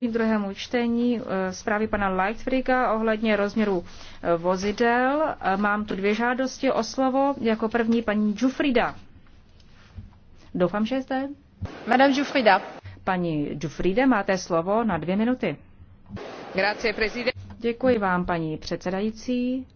k druhému čtení eh, zprávy pana Lightfriga ohledně rozměru eh, vozidel. Eh, mám tu dvě žádosti o slovo. Jako první paní Jufrida. Doufám, že je zde. Madame Jufrida. Paní Jufrida, máte slovo na dvě minuty. Grazie, Děkuji vám, paní předsedající.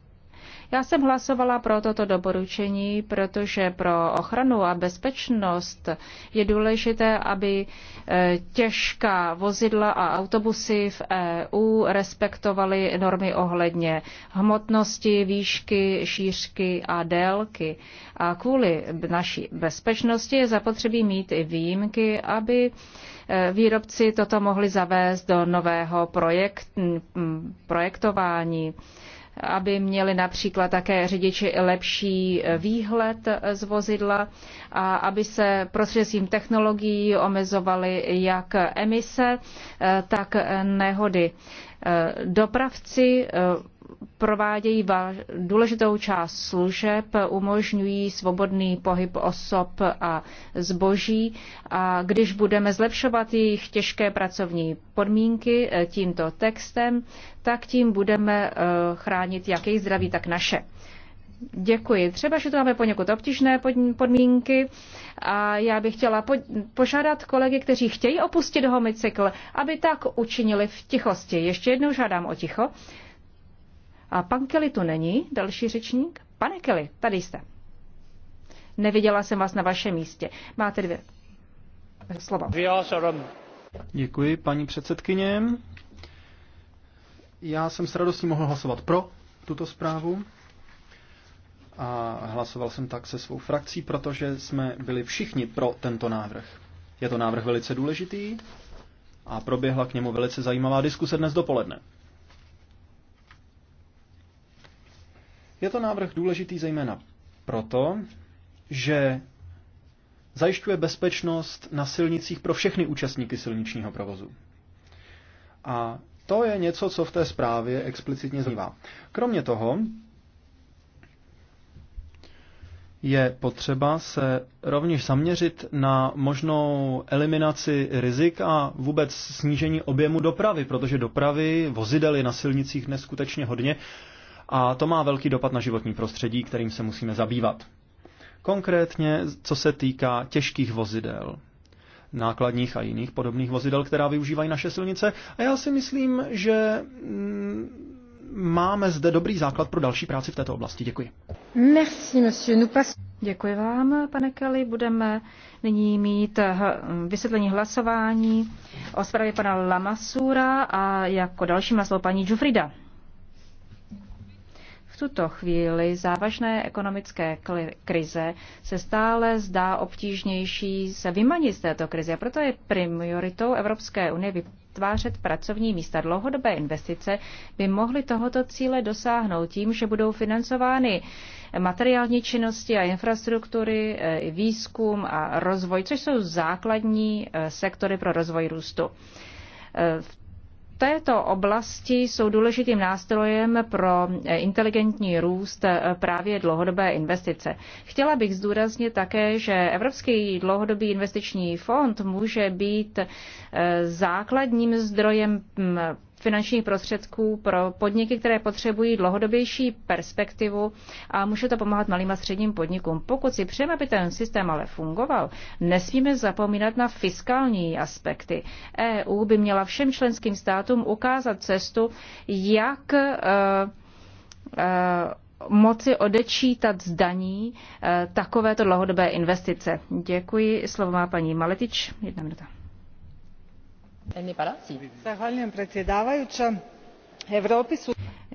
Já jsem hlasovala pro toto doporučení, protože pro ochranu a bezpečnost je důležité, aby e, těžká vozidla a autobusy v EU respektovaly normy ohledně hmotnosti, výšky, šířky a délky. A kvůli naší bezpečnosti je zapotřebí mít i výjimky, aby e, výrobci toto mohli zavést do nového projekt, projektování aby měli například také řidiči lepší eh, výhled eh, z vozidla a aby se prostřednictvím technologií omezovaly jak emise, eh, tak nehody. Dopravci provádějí důležitou část služeb, umožňují svobodný pohyb osob a zboží a když budeme zlepšovat jejich těžké pracovní podmínky e, tímto textem, tak tím budeme e, chránit jak jejich zdraví, tak naše. Děkuji. Třeba, že tu máme poněkud obtížné podmínky a já bych chtěla požádat kolegy, kteří chtějí opustit homicykl, aby tak učinili v tichosti. Ještě jednou žádám o ticho. A pan Kelly tu není, další řečník. Pane Kelly, tady jste. Neviděla jsem vás na vašem místě. Máte dvě slova. Děkuji, paní předsedkyně. Já jsem s radostí mohl hlasovat pro tuto zprávu a hlasoval jsem tak se svou frakcí, protože jsme byli všichni pro tento návrh. Je to návrh velice důležitý a proběhla k němu velice zajímavá diskuse dnes dopoledne. Je to návrh důležitý zejména proto, že zajišťuje bezpečnost na silnicích pro všechny účastníky silničního provozu. A to je něco, co v té zprávě explicitně zmívá. Kromě toho je potřeba se rovněž zaměřit na možnou eliminaci rizik a vůbec snížení objemu dopravy, protože dopravy, vozidely na silnicích dnes skutečně hodně a to má velký dopad na životní prostředí, kterým se musíme zabývat. Konkrétně, co se týká těžkých vozidel, nákladních a jiných podobných vozidel, která využívají naše silnice. A já si myslím, že mm, máme zde dobrý základ pro další práci v této oblasti. Děkuji. Merci, monsieur. Nous pas... Děkuji vám, pane Kelly. Budeme nyní mít mm, vysvětlení hlasování o zprávě pana Lamasura a jako dalším na paní Jufrida tuto chvíli závažné ekonomické krize se stále zdá obtížnější se vymanit z této krize. proto je prioritou Evropské unie vytvářet pracovní místa. Dlouhodobé investice by mohly tohoto cíle dosáhnout tím, že budou financovány materiální činnosti a infrastruktury, e, výzkum a rozvoj, což jsou základní e, sektory pro rozvoj růstu. E, v této oblasti jsou důležitým nástrojem pro eh, inteligentní růst eh, právě dlouhodobé investice. Chtěla bych zdůraznit také, že Evropský dlouhodobý investiční fond může být eh, základním zdrojem mm, finančních prostředků pro podniky, které potřebují dlouhodobější perspektivu a může to pomáhat malým a středním podnikům. Pokud si přejeme, aby ten systém ale fungoval, nesmíme zapomínat na fiskální aspekty. EU by měla všem členským státům ukázat cestu, jak eh, eh, moci odečítat z daní eh, takovéto dlouhodobé investice. Děkuji. Slovo má paní Maletič. Jedna minuta.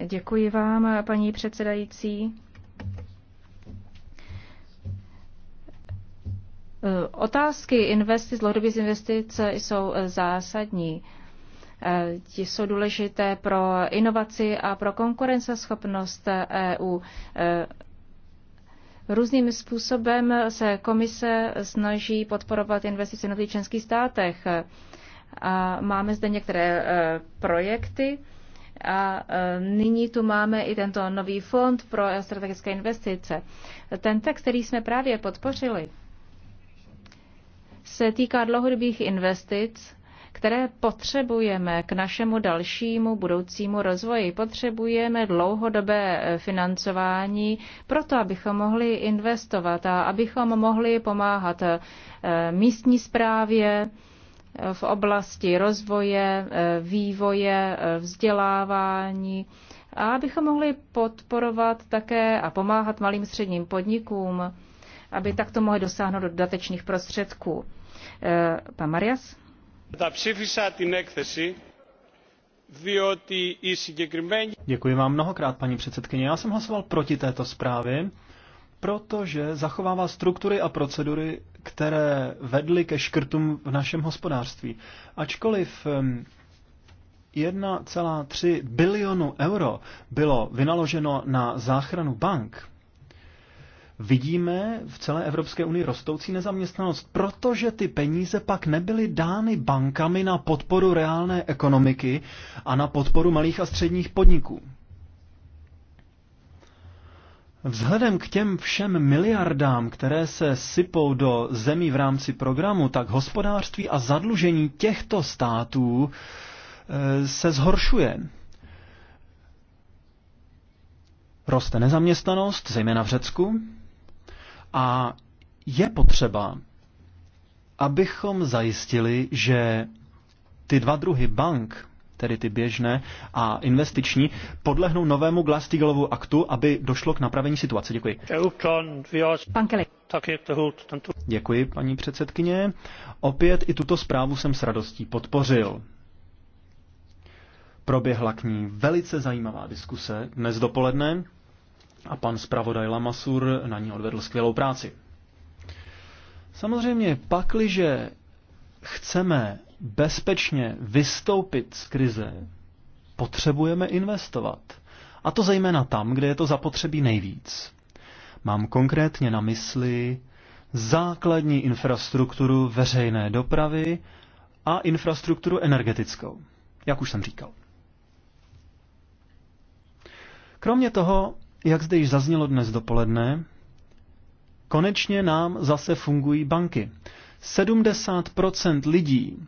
Děkuji vám, paní předsedající. Otázky investic, dlouhodobých investic jsou zásadní. Ti jsou důležité pro inovaci a pro konkurenceschopnost EU. Různým způsobem se komise snaží podporovat investice v členských státech. A máme zde některé e, projekty a e, nyní tu máme i tento nový fond pro strategické investice. Ten text, který jsme právě podpořili, se týká dlouhodobých investic, které potřebujeme k našemu dalšímu budoucímu rozvoji. Potřebujeme dlouhodobé e, financování proto, abychom mohli investovat a abychom mohli pomáhat místní správě, v oblasti rozvoje, eh, vývoje, eh, vzdělávání a abychom mohli podporovat také a pomáhat malým středním podnikům, aby takto mohli dosáhnout dodatečných prostředků. Eh, pan Marias? Děkuji vám mnohokrát, paní předsedkyně. Já jsem hlasoval proti této zprávě, protože zachovává struktury a procedury, které vedly ke škrtům v našem hospodářství. Ačkoliv 1,3 bilionu euro bylo vynaloženo na záchranu bank, vidíme v celé Evropské unii rostoucí nezaměstnanost, protože ty peníze pak nebyly dány bankami na podporu reálné ekonomiky a na podporu malých a středních podniků. Vzhledem k těm všem miliardám, které se sypou do zemí v rámci programu, tak hospodářství a zadlužení těchto států eh, se zhoršuje. Roste nezaměstnanost, zejména v Řecku, a je potřeba, abychom zajistili, že ty dva druhy bank, tedy ty běžné a investiční, podlehnou novému glass steagallovu aktu, aby došlo k napravení situace. Děkuji. Pan Děkuji, paní předsedkyně. Opět i tuto zprávu jsem s radostí podpořil. Proběhla k ní velice zajímavá diskuse dnes dopoledne a pan zpravodaj Lamasur na ní odvedl skvělou práci. Samozřejmě pakliže chceme bezpečně vystoupit z krize, potřebujeme investovat. A to zejména tam, kde je to zapotřebí nejvíc. Mám konkrétně na mysli základní infrastrukturu veřejné dopravy a infrastrukturu energetickou, jak už jsem říkal. Kromě toho, jak zde již zaznělo dnes dopoledne, konečně nám zase fungují banky. 70% lidí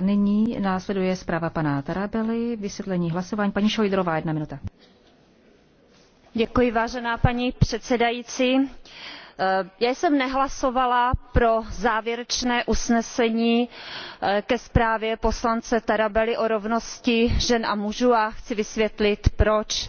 Nyní následuje zpráva pana Tarabely, vysvětlení hlasování. Paní Šojdrová, jedna minuta. Děkuji, vážená paní předsedající. E, já jsem nehlasovala pro závěrečné usnesení e, ke zprávě poslance Tarabely o rovnosti žen a mužů a chci vysvětlit proč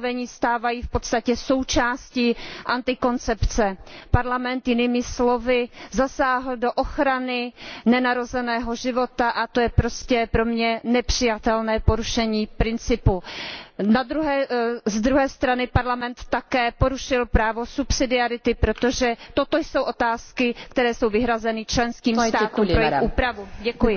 ustanovení stávají v podstatě součástí antikoncepce. parlament jinými slovy zasáhl do ochrany nenarozeného života a to je prostě pro mě nepřijatelné porušení principu. Eh, z druhé strany parlament také porušil právo subsidiarity protože toto jsou otázky které jsou vyhrazeny členským státům pro jejich úpravu. Děkuji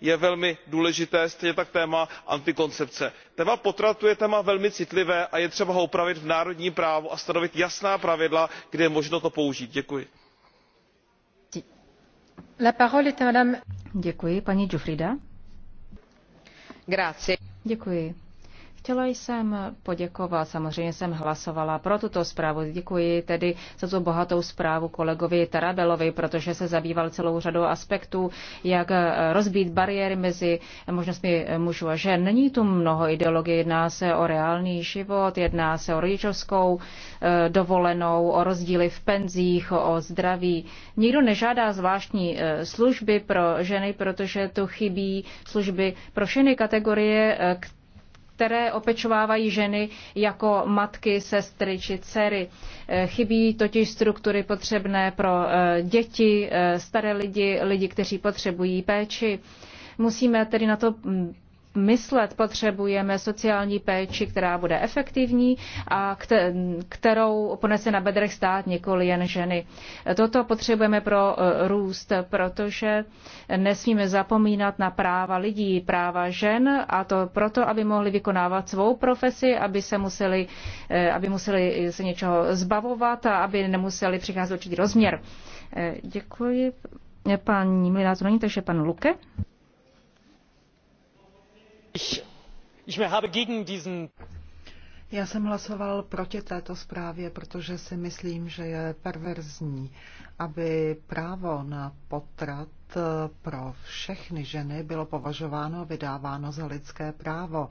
je velmi důležité stejně tak téma antikoncepce. téma potratů je téma velmi citlivé a je třeba ho upravit v národním právu a stanovit jasná pravidla kdy je možno to použít. děkuji. děkuji paní Děkuji. Chtěla jsem poděkovat, samozřejmě jsem hlasovala pro tuto zprávu. Děkuji tedy za tu bohatou zprávu kolegovi Tarabelovi, protože se zabýval celou řadou aspektů, jak rozbít bariéry mezi možnostmi mužů a žen. Není tu mnoho ideologie, jedná se o reálný život, jedná se o rodičovskou eh, dovolenou, o rozdíly v penzích, o zdraví. Nikdo nežádá zvláštní eh, služby pro ženy, protože tu chybí služby pro všechny kategorie, které eh, které opečovávají ženy jako matky, sestry či dcery. Eh, chybí totiž struktury potřebné pro eh, děti, eh, staré lidi, lidi, kteří potřebují péči. Musíme tedy na to mm, myslet. Potřebujeme sociální péči, která bude efektivní a kterou ponese na bedrech stát nikoli jen ženy. Toto potřebujeme pro eh, růst, protože nesmíme zapomínat na práva lidí, práva žen a to proto, aby mohli vykonávat svou profesi, aby se museli, eh, aby museli se něčeho zbavovat a aby nemuseli přicházet určitý rozměr. Eh, děkuji paní Mlinář, takže pan Luke. Já jsem hlasoval proti této zprávě, protože si myslím, že je perverzní, aby právo na potrat pro všechny ženy bylo považováno a vydáváno za lidské právo.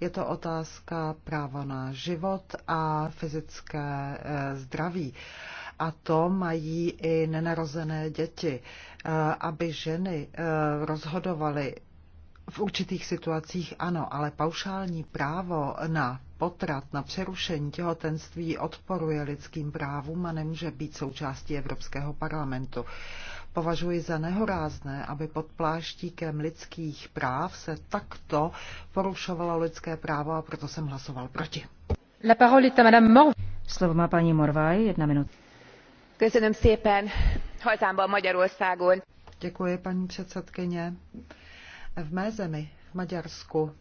Je to otázka práva na život a fyzické eh, zdraví a to mají i nenarozené děti. Eh, aby ženy eh, rozhodovaly v určitých situacích ano, ale paušální právo na potrat, na přerušení těhotenství odporuje lidským právům a nemůže být součástí Evropského parlamentu. Považuji za nehorázné, aby pod pláštíkem lidských práv se takto porušovalo lidské právo a proto jsem hlasoval proti. La parole est à madame Mor- Slovo má paní Morvaj, jedna minuta. Děkuji, paní předsedkyně. V mé zemi, v Maďarsku,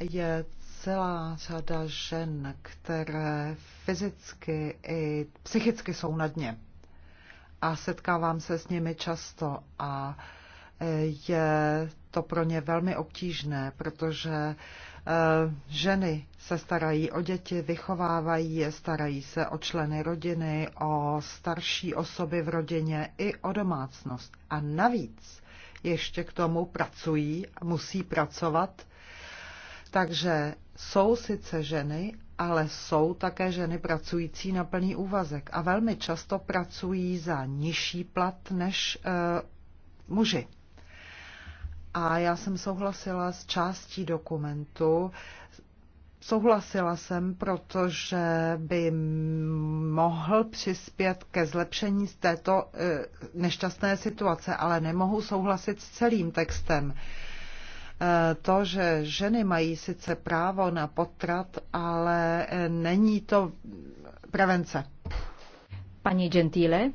je celá řada žen, které fyzicky i psychicky jsou na dně. A setkávám se s nimi často a e, je to pro ně velmi obtížné, protože e, ženy se starají o děti, vychovávají je, starají se o členy rodiny, o starší osoby v rodině i o domácnost. A navíc ještě k tomu pracují, musí pracovat. Takže jsou sice ženy, ale jsou také ženy pracující na plný úvazek a velmi často pracují za nižší plat než e, muži. A já jsem souhlasila s částí dokumentu, Souhlasila jsem, protože by mohl přispět ke zlepšení z této e, nešťastné situace, ale nemohu souhlasit s celým textem. E, to, že ženy mají sice právo na potrat, ale e, není to prevence. Paní Gentile.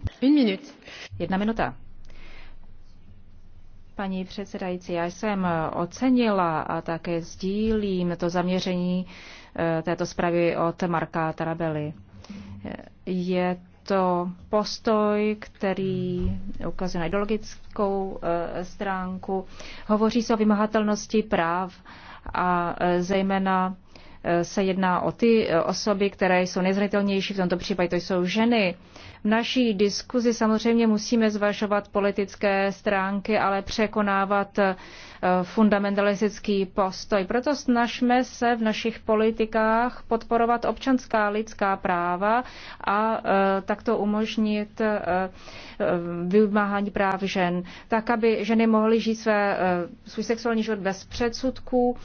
Jedna minuta. Paní předsedající, já jsem ocenila a také sdílím to zaměření eh, této zprávy od Marka Tarabely. Eh, je to postoj, který ukazuje na ideologickou eh, stránku. Hovoří se o vymahatelnosti práv a zejména se jedná o ty e, osoby, které jsou nejzranitelnější, v tomto případě to jsou ženy. V naší diskuzi samozřejmě musíme zvažovat politické stránky, ale překonávat e, fundamentalistický postoj. Proto snažme se v našich politikách podporovat občanská lidská práva a e, takto umožnit e, e, vymáhání práv žen, tak aby ženy mohly žít své, svůj sexuální život bez předsudků,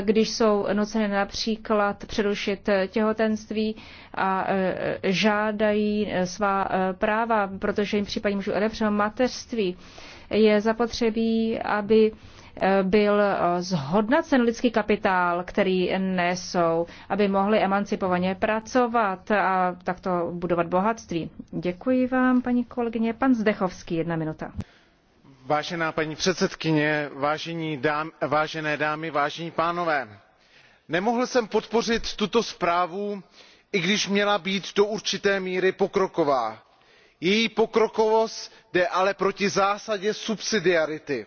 když jsou nuceny například přerušit těhotenství a žádají svá práva, protože jim případně můžu odepřeno mateřství. Je zapotřebí, aby byl eh, zhodnocen lidský kapitál, který nesou, aby mohli emancipovaně pracovat a takto budovat bohatství. Děkuji vám, paní kolegyně. Pan Zdechovský, jedna minuta. Vážená paní předsedkyně, dám, vážené dámy, vážení pánové, nemohl jsem podpořit tuto zprávu, i když měla být do určité míry pokroková. Její pokrokovost jde ale proti zásadě subsidiarity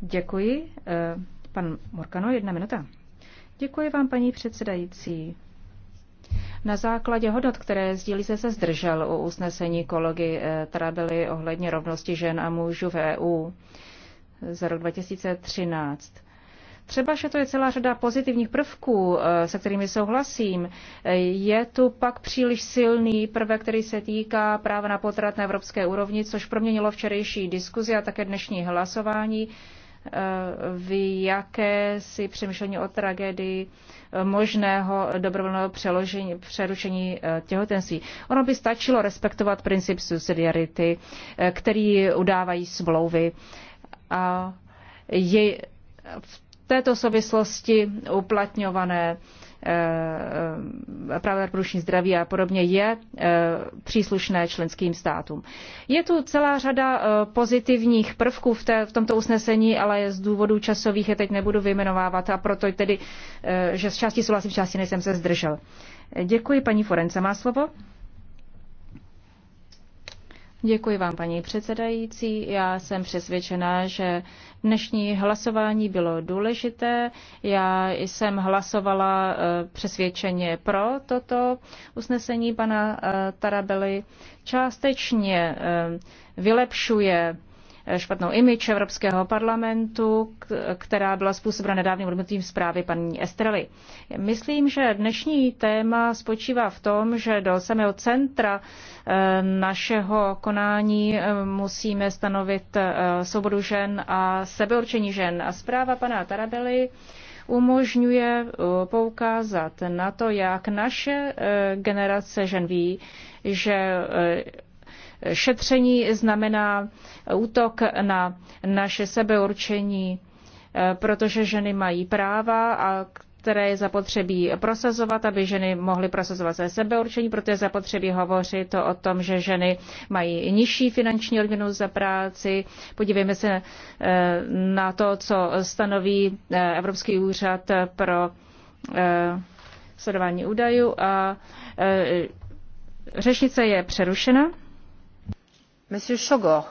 Děkuji. Eh, pan Morkano, jedna minuta. Děkuji vám, paní předsedající. Na základě hodnot, které sdílí se, se zdržel u usnesení kolegy eh, Trabely ohledně rovnosti žen a mužů v EU za rok 2013. Třeba, že to je celá řada pozitivních prvků, eh, se kterými souhlasím. Eh, je tu pak příliš silný prvek, který se týká práva na potrat na evropské úrovni, což proměnilo včerejší diskuzi a také dnešní hlasování eh, v jaké si přemýšlení o tragédii možného dobrovolného přeložení, přerušení těhotenství. Ono by stačilo respektovat princip subsidiarity, který udávají smlouvy. A je, v této souvislosti uplatňované eh, právě reprodukční zdraví a podobně je eh, příslušné členským státům. Je tu celá řada eh, pozitivních prvků v, té, v tomto usnesení, ale z důvodů časových je teď nebudu vyjmenovávat a proto tedy, že z části souhlasím, z části nejsem se zdržel. Děkuji, paní Forence má slovo. Děkuji vám, paní předsedající. Já jsem přesvědčená, že dnešní hlasování bylo důležité. Já jsem hlasovala eh, přesvědčeně pro toto usnesení pana eh, Tarabely. Částečně eh, vylepšuje špatnou imič Evropského parlamentu, která byla způsobena nedávným odmítnutím zprávy paní Estrely. Myslím, že dnešní téma spočívá v tom, že do samého centra eh, našeho konání eh, musíme stanovit eh, svobodu žen a sebeurčení žen. A zpráva pana Tarabely umožňuje poukázat na to, jak naše generace žen ví, že šetření znamená útok na naše sebeurčení, eh, protože ženy mají práva, a které je zapotřebí prosazovat, aby ženy mohly prosazovat své sebeurčení, proto je zapotřebí hovořit o tom, že ženy mají nižší finanční odměnu za práci. Podívejme se eh, na to, co stanoví eh, Evropský úřad pro sledování údajů a řešnice je přerušena. Šogor.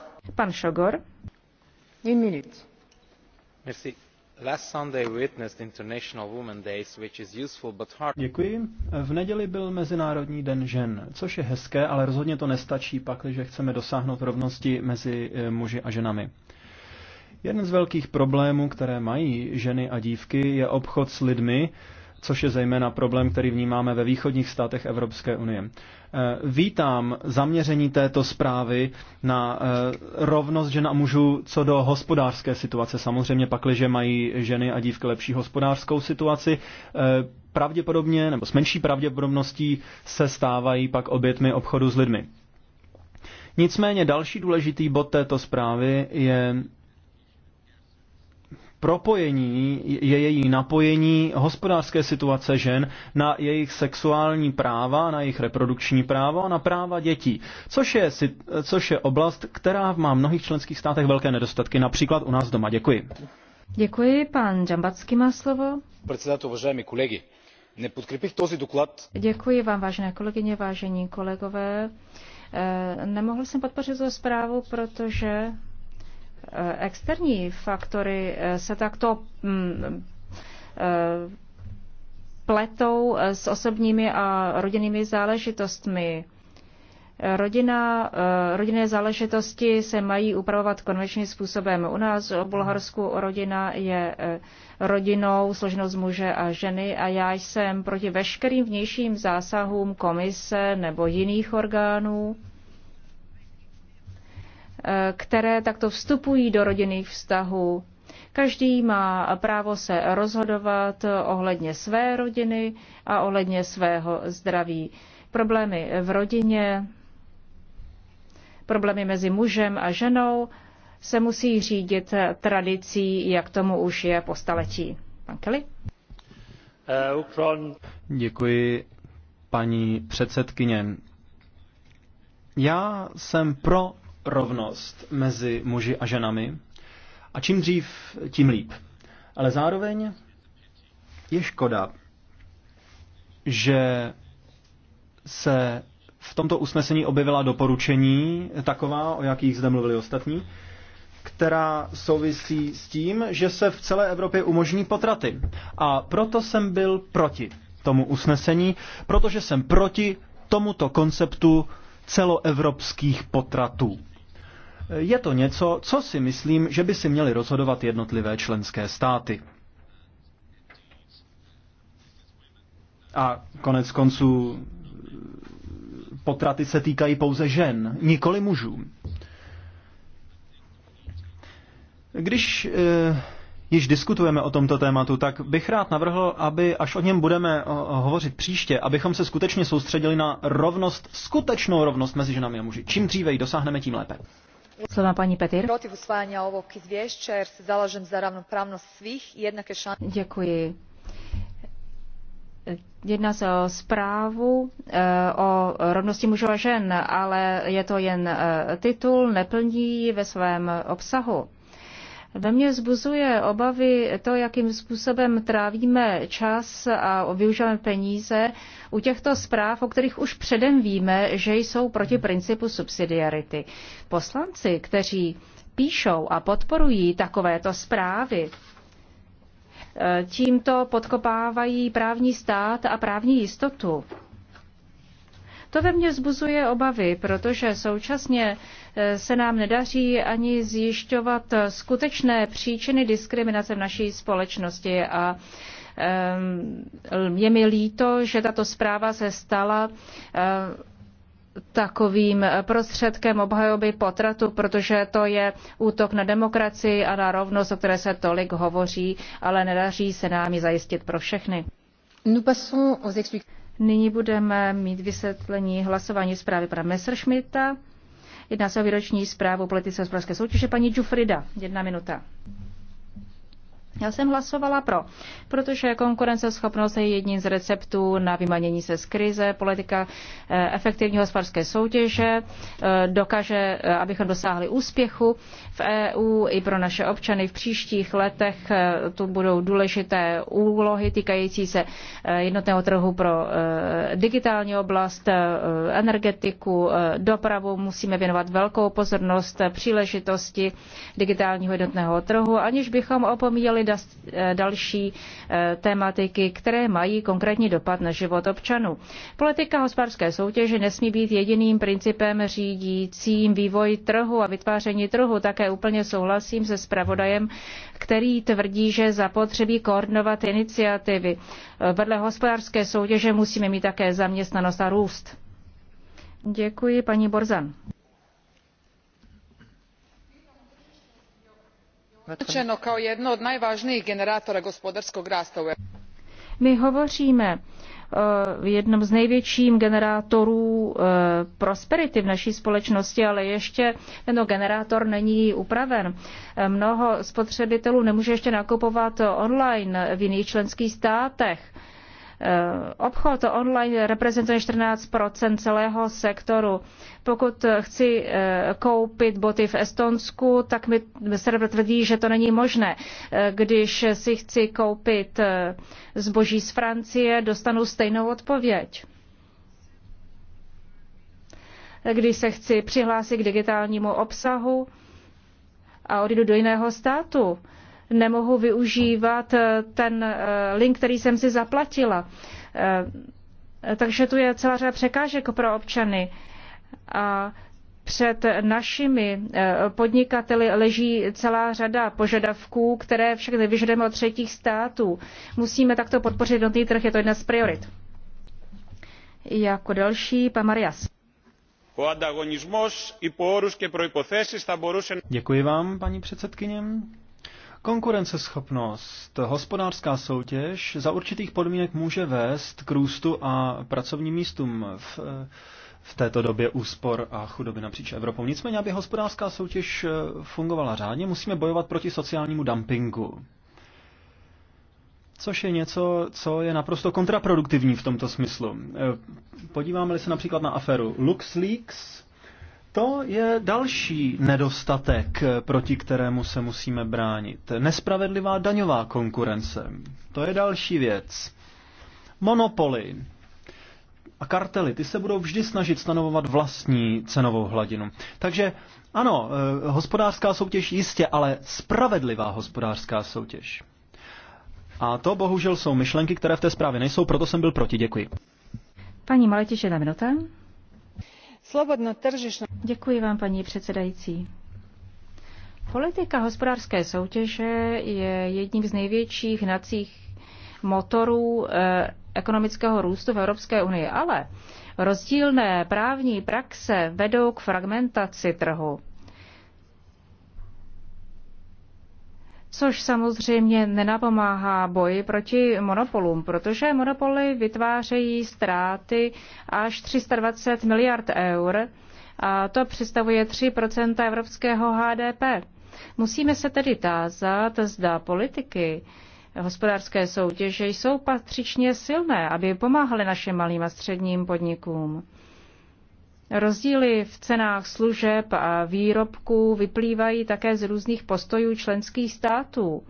Děkuji. V neděli byl Mezinárodní den žen, což je hezké, ale rozhodně to nestačí, pakliže chceme dosáhnout rovnosti mezi eh, muži a ženami. Jeden z velkých problémů, které mají ženy a dívky, je obchod s lidmi, což je zejména problém, který vnímáme ve východních státech Evropské unie. Eh, vítám zaměření této zprávy na eh, rovnost žen a mužů co do hospodářské situace. Samozřejmě že mají ženy a dívky lepší hospodářskou situaci, eh, pravděpodobně nebo s menší pravděpodobností se stávají pak obětmi obchodu s lidmi. Nicméně další důležitý bod této zprávy je propojení, je její napojení hospodářské situace žen na jejich sexuální práva, na jejich reprodukční práva a na práva dětí, což je, což je oblast, která má v mnohých členských státech velké nedostatky, například u nás doma. Děkuji. Děkuji. Pan Džambacký má slovo. Předsedatel, vážení kolegy, nepodkrepích tozi doklad. Děkuji vám, vážené kolegyně, vážení kolegové. Eh, nemohl jsem podpořit tu zprávu, protože Eh, externí faktory eh, se takto mm, eh, pletou s osobními a rodinnými záležitostmi. Rodina, rodinné záležitosti se mají upravovat konvenčním způsobem. U nás v Bulharsku rodina je rodinou složenou z muže a ženy a já jsem proti veškerým vnějším zásahům komise nebo jiných orgánů Eh, které takto vstupují do rodinných vztahů. Každý má právo se rozhodovat ohledně své rodiny a ohledně svého zdraví. Problémy v rodině, problémy mezi mužem a ženou se musí řídit tradicí, jak tomu už je po staletí. Pan Kelly? Eh, Děkuji, paní předsedkyně. Já jsem pro rovnost mezi muži a ženami. A čím dřív, tím líp. Ale zároveň je škoda, že se v tomto usnesení objevila doporučení taková, o jakých zde mluvili ostatní, která souvisí s tím, že se v celé Evropě umožní potraty. A proto jsem byl proti tomu usnesení, protože jsem proti tomuto konceptu celoevropských potratů. Je to něco, co si myslím, že by si měly rozhodovat jednotlivé členské státy. A konec konců potraty se týkají pouze žen, nikoli mužů. Když e, již diskutujeme o tomto tématu, tak bych rád navrhl, aby až o něm budeme eh, hovořit příště, abychom se skutečně soustředili na rovnost, skutečnou rovnost mezi ženami a muži. Čím dříve ji dosáhneme, tím lépe. Slova paní Petir. Protiv usvajanja ovog izvješća jer se zalažem za ravnopravnost svih i jednake šanse. Děkuji. Jedná se o zprávu eh, o rovnosti mužů a žen, ale je to jen eh, titul, neplní ve svém obsahu ve mně zbuzuje obavy to, jakým způsobem trávíme čas a využíváme peníze u těchto zpráv, o kterých už předem víme, že jsou proti principu subsidiarity. Poslanci, kteří píšou a podporují takovéto zprávy, eh, tímto podkopávají právní stát a právní jistotu to ve mně zbuzuje obavy, protože současně eh, se nám nedaří ani zjišťovat eh, skutečné příčiny diskriminace v naší společnosti a ehm, je mi líto, že tato zpráva se stala eh, takovým prostředkem obhajoby potratu, protože to je útok na demokracii a na rovnost, o které se tolik hovoří, ale nedaří se nám ji zajistit pro všechny. Nyní budeme mít vysvětlení hlasování zprávy pana Messerschmitta. Jedná se o výroční zprávu politice hospodářské soutěže. Paní Jufrida. jedna minuta. Já jsem hlasovala pro, protože konkurenceschopnost je jedním z receptů na vymanění se z krize. Politika eh, efektivní hospodářské soutěže eh, dokáže, eh, abychom dosáhli úspěchu v EU i pro naše občany. V příštích letech tu budou důležité úlohy týkající se jednotného trhu pro digitální oblast, energetiku, dopravu. Musíme věnovat velkou pozornost příležitosti digitálního jednotného trhu, aniž bychom opomíjeli řešili eh, další eh, tématiky, které mají konkrétní dopad na život občanů. Politika hospodářské soutěže nesmí být jediným principem řídícím vývoj trhu a vytváření trhu. Také úplně souhlasím se spravodajem, který tvrdí, že zapotřebí koordinovat iniciativy. Eh, vedle hospodářské soutěže musíme mít také zaměstnanost a růst. Děkuji, paní Borzan. označeno jako jedno od nejvážnějších generátorů hospodářského růstu. u Evropi. My hovoříme eh, v jednom z největším generátorů eh, prosperity v naší společnosti, ale ještě tento generátor není upraven. Eh, mnoho spotřebitelů nemůže ještě nakupovat online v jiných členských státech Eh, obchod online reprezentuje 14 celého sektoru. Pokud chci eh, koupit boty v Estonsku, tak mi server tvrdí, že to není možné. Eh, když si chci koupit zboží z Francie, dostanu stejnou odpověď když se chci přihlásit k digitálnímu obsahu a odjdu do jiného státu, nemohu využívat eh, ten eh, link, který jsem si zaplatila. Eh, takže tu je celá řada překážek pro občany. A před našimi podnikateli leží celá řada požadavků, které však nevyžadujeme od třetích států. Musíme takto podpořit jednotný trh, je to jedna z priorit. Jako další, pan Marias. Děkuji vám, paní předsedkyně. Konkurenceschopnost, hospodářská soutěž za určitých podmínek může vést k růstu a pracovním místům v, v této době úspor a chudoby napříč Evropou. Nicméně, aby hospodářská soutěž eh, fungovala řádně, musíme bojovat proti sociálnímu dumpingu. Což je něco, co je naprosto kontraproduktivní v tomto smyslu. Eh, podíváme-li se například na aferu LuxLeaks, to je další nedostatek, eh, proti kterému se musíme bránit. Nespravedlivá daňová konkurence. To je další věc. Monopoly a kartely, ty se budou vždy snažit stanovovat vlastní cenovou hladinu. Takže ano, eh, hospodářská soutěž jistě, ale spravedlivá hospodářská soutěž. A to bohužel jsou myšlenky, které v té zprávě nejsou, proto jsem byl proti. Děkuji. Paní Maletiše, jedna minuta. Slobodno tržišno... Děkuji vám, paní předsedající. Politika hospodářské soutěže je jedním z největších hnacích motorů eh, ekonomického růstu v Evropské unii, ale rozdílné právní praxe vedou k fragmentaci trhu což samozřejmě nenapomáhá boji proti monopolům, protože monopoly vytvářejí ztráty až 320 miliard eur a to představuje 3 evropského HDP. Musíme se tedy tázat, zda politiky hospodářské soutěže jsou patřičně silné, aby pomáhaly našim malým a středním podnikům. Rozdíly v cenách služeb a výrobků vyplývají také z různých postojů členských států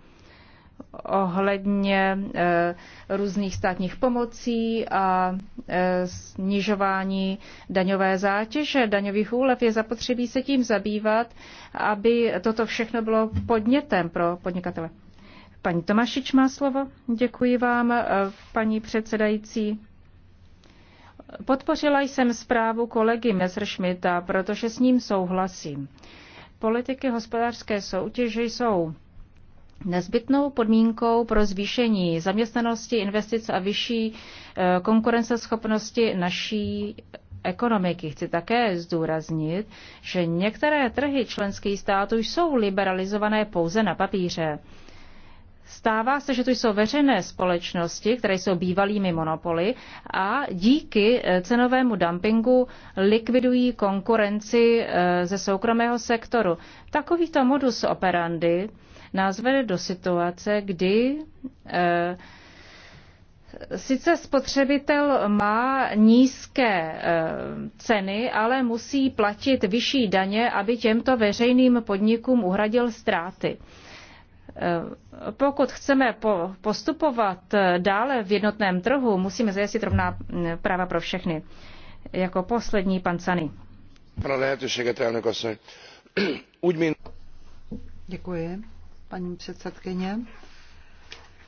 ohledně eh, různých státních pomocí a eh, snižování daňové zátěže, daňových úlev. Je zapotřebí se tím zabývat, aby toto všechno bylo podnětem pro podnikatele. Paní Tomašič má slovo. Děkuji vám, eh, paní předsedající. Podpořila jsem zprávu kolegy Messerschmitta, protože s ním souhlasím. Politiky hospodářské soutěže jsou nezbytnou podmínkou pro zvýšení zaměstnanosti, investic a vyšší eh, konkurenceschopnosti naší ekonomiky. Chci také zdůraznit, že některé trhy členských států jsou liberalizované pouze na papíře. Stává se, že to jsou veřejné společnosti, které jsou bývalými monopoly a díky eh, cenovému dumpingu likvidují konkurenci eh, ze soukromého sektoru. Takovýto modus operandi nás vede do situace, kdy eh, sice spotřebitel má nízké ceny, ale musí platit vyšší daně, aby těmto veřejným podnikům uhradil ztráty. Eh, pokud chceme postupovat eh, dále v jednotném trhu, musíme zajistit rovná mm, práva pro všechny. Jako poslední pan Sany. Děkuji, paní předsedkyně.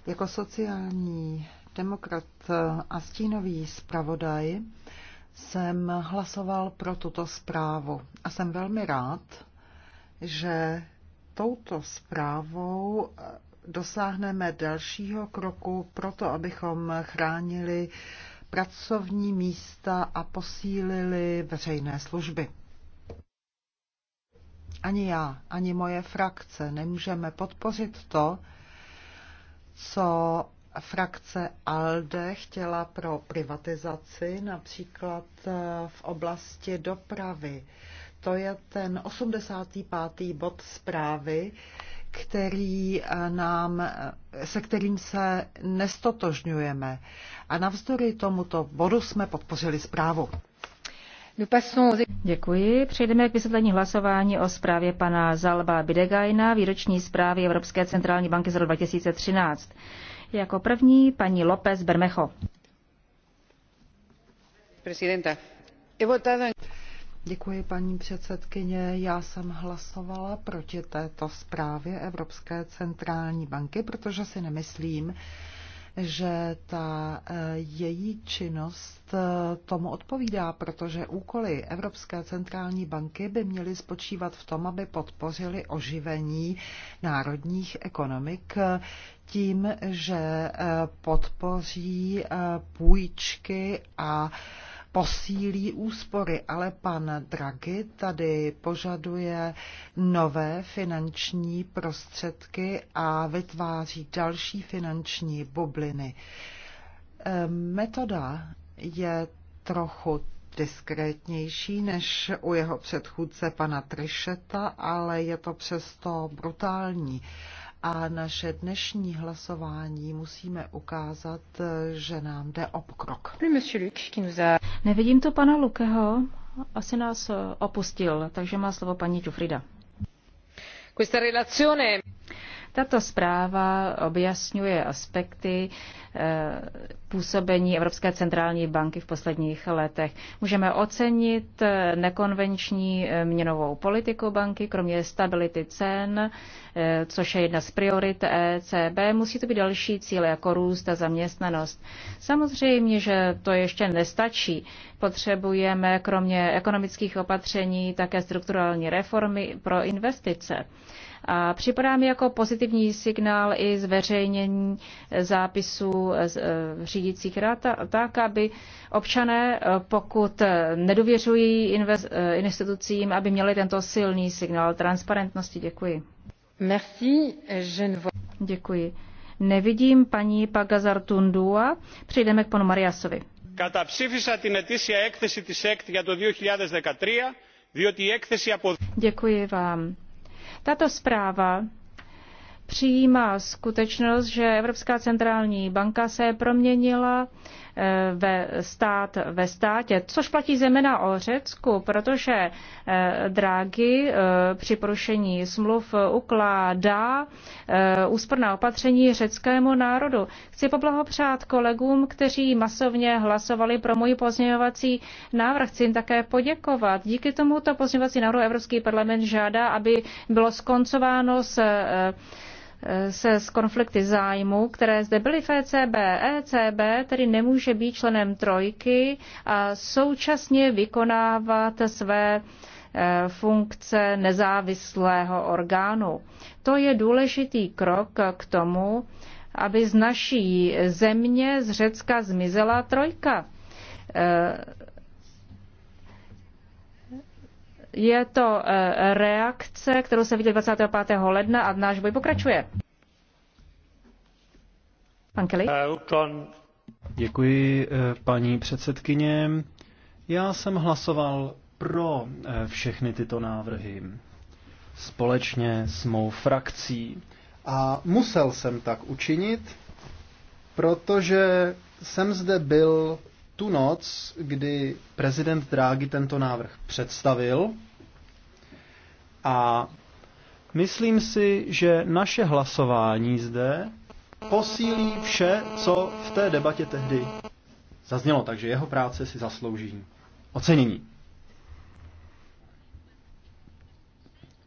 Jako sociální demokrat a stínový zpravodaj jsem hlasoval pro tuto zprávu a jsem velmi rád, že touto zprávou eh, dosáhneme dalšího kroku pro to, abychom chránili pracovní místa a posílili veřejné služby. Ani já, ani moje frakce nemůžeme podpořit to, co frakce ALDE chtěla pro privatizaci, například eh, v oblasti dopravy. To je ten 85. bod zprávy, který eh, nám, eh, se kterým se nestotožňujeme. A navzdory tomuto bodu jsme podpořili zprávu. Děkuji. Přejdeme k vysvětlení hlasování o zprávě pana Zalba Bidegajna, výroční zprávy Evropské centrální banky z roku 2013. Jako první paní López Bermejo. Presidenta, Děkuji, paní předsedkyně. Já jsem hlasovala proti této zprávě Evropské centrální banky, protože si nemyslím, že ta e, její činnost e, tomu odpovídá, protože úkoly Evropské centrální banky by měly spočívat v tom, aby podpořili oživení národních ekonomik tím, že e, podpoří půjčky a posílí úspory, ale pan Draghi tady požaduje nové finanční prostředky a vytváří další finanční bubliny. Ehm, metoda je trochu diskrétnější než u jeho předchůdce pana Trišeta, ale je to přesto brutální a naše dnešní hlasování musíme ukázat, že nám jde o pokrok. Nevidím to pana Lukeho, asi nás eh, opustil, takže má slovo paní Čufrida. Questa relazione tato zpráva objasňuje aspekty eh, působení Evropské centrální banky v posledních letech. Můžeme ocenit eh, nekonvenční eh, měnovou politiku banky, kromě stability cen, což je jedna z priorit ECB. Musí to být další cíle jako růst a zaměstnanost. Samozřejmě, že to ještě nestačí. Potřebujeme kromě ekonomických opatření také strukturální reformy pro investice. A připadá mi jako pozitivní signál i zveřejnění zápisů e, řídících rad, tak aby občané, e, pokud nedověřují e, institucím, aby měli tento silný signál transparentnosti. Děkuji. Merci, je ne... Děkuji. Nevidím paní Tundua. Přejdeme k panu Mariasovi. Děkuji vám. Tato zpráva přijímá skutečnost, že Evropská centrální banka se proměnila Eh, ve stát ve státě, což platí zejména o Řecku, protože eh, Draghi eh, při porušení smluv ukládá úsporná opatření řeckému národu. Chci poblahopřát kolegům, kteří masovně hlasovali pro můj pozměňovací návrh. Chci jim také poděkovat. Díky tomuto pozměňovací návrhu Evropský parlament žádá, aby bylo skoncováno s se z konflikty zájmu, které zde byly v ECB. ECB tedy nemůže být členem trojky a současně vykonávat své e, funkce nezávislého orgánu. To je důležitý krok k tomu, aby z naší země, z Řecka, zmizela trojka e, Je to eh, reakce, kterou jsem viděl 25. ledna a náš boj pokračuje. Pan Kelly. Eh, Děkuji, eh, paní předsedkyně. Já jsem hlasoval pro všechny tyto návrhy společně s mou frakcí. A musel jsem tak učinit, protože jsem zde byl tu noc, kdy prezident Drági tento návrh představil a myslím si, že naše hlasování zde posílí vše, co v té debatě tehdy zaznělo, takže jeho práce si zaslouží ocenění.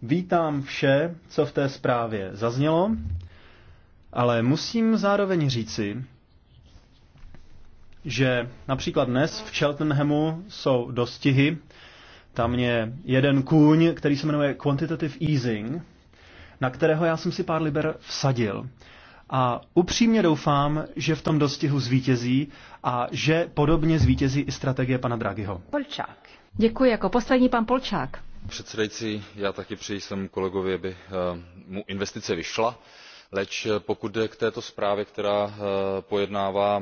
Vítám vše, co v té zprávě zaznělo, ale musím zároveň říci, že například dnes v Cheltenhamu jsou dostihy tam je jeden kůň, který se jmenuje Quantitative Easing, na kterého já jsem si pár liber vsadil. A upřímně doufám, že v tom dostihu zvítězí a že podobně zvítězí i strategie pana Dragiho. Polčák. Děkuji. Jako poslední pan Polčák. Předsedající, já taky přeji svému kolegovi, aby eh, mu investice vyšla leč eh, pokud jde k této zprávě, která eh, pojednává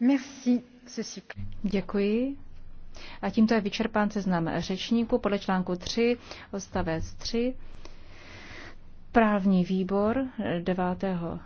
Merci. Děkuji. A tímto je vyčerpán seznam řečníků podle článku 3, odstavec 3. Právní výbor 9.